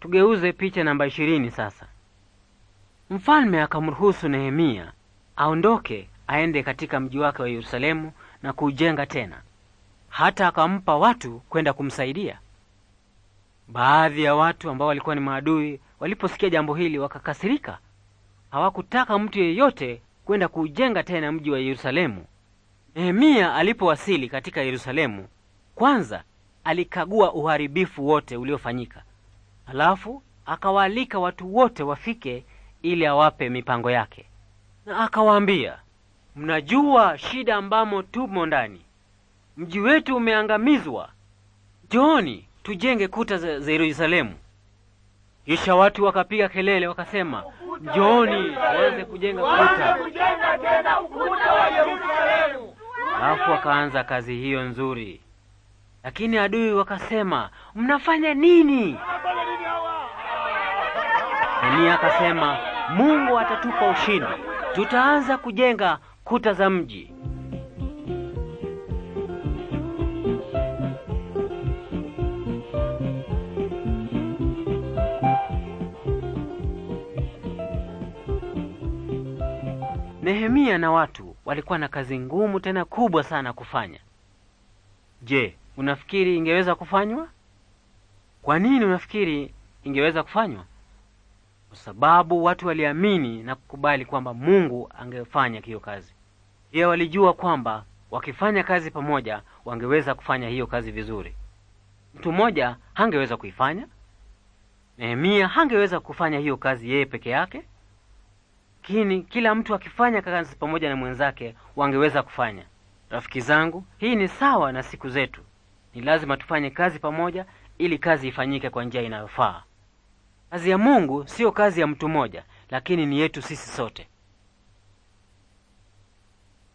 Tugeuze picha namba ishirini sasa. Mfalme akamruhusu Nehemia aondoke aende katika mji wake wa Yerusalemu na kuujenga tena, hata akampa watu kwenda kumsaidia. Baadhi ya watu ambao walikuwa ni maadui waliposikia jambo hili wakakasirika, hawakutaka mtu yeyote kwenda kuujenga tena mji wa Yerusalemu. Nehemia alipowasili katika Yerusalemu, kwanza alikagua uharibifu wote uliofanyika Halafu akawaalika watu wote wafike ili awape mipango yake, na akawaambia, mnajua shida ambamo tumo ndani. Mji wetu umeangamizwa. Njooni tujenge kuta za Yerusalemu. Kisha watu wakapiga kelele wakasema, njooni waweze kujenga kuta. Alafu akaanza kazi hiyo nzuri, lakini adui wakasema, mnafanya nini? Nehemia akasema, Mungu atatupa ushindi, tutaanza kujenga kuta za mji. Nehemia na watu walikuwa na kazi ngumu tena kubwa sana kufanya. Je, unafikiri ingeweza kufanywa? Kwa nini unafikiri ingeweza kufanywa? kwa sababu watu waliamini na kukubali kwamba Mungu angefanya hiyo kazi. Pia walijua kwamba wakifanya kazi pamoja wangeweza kufanya hiyo kazi vizuri. Mtu mmoja hangeweza kuifanya. Nehemia hangeweza kufanya hiyo kazi yeye peke yake, lakini kila mtu akifanya kazi pamoja na mwenzake wangeweza kufanya. Rafiki zangu, hii ni sawa na siku zetu. Ni lazima tufanye kazi pamoja ili kazi ifanyike kwa njia inayofaa. Kazi ya Mungu siyo kazi ya mtu mmoja, lakini ni yetu sisi sote.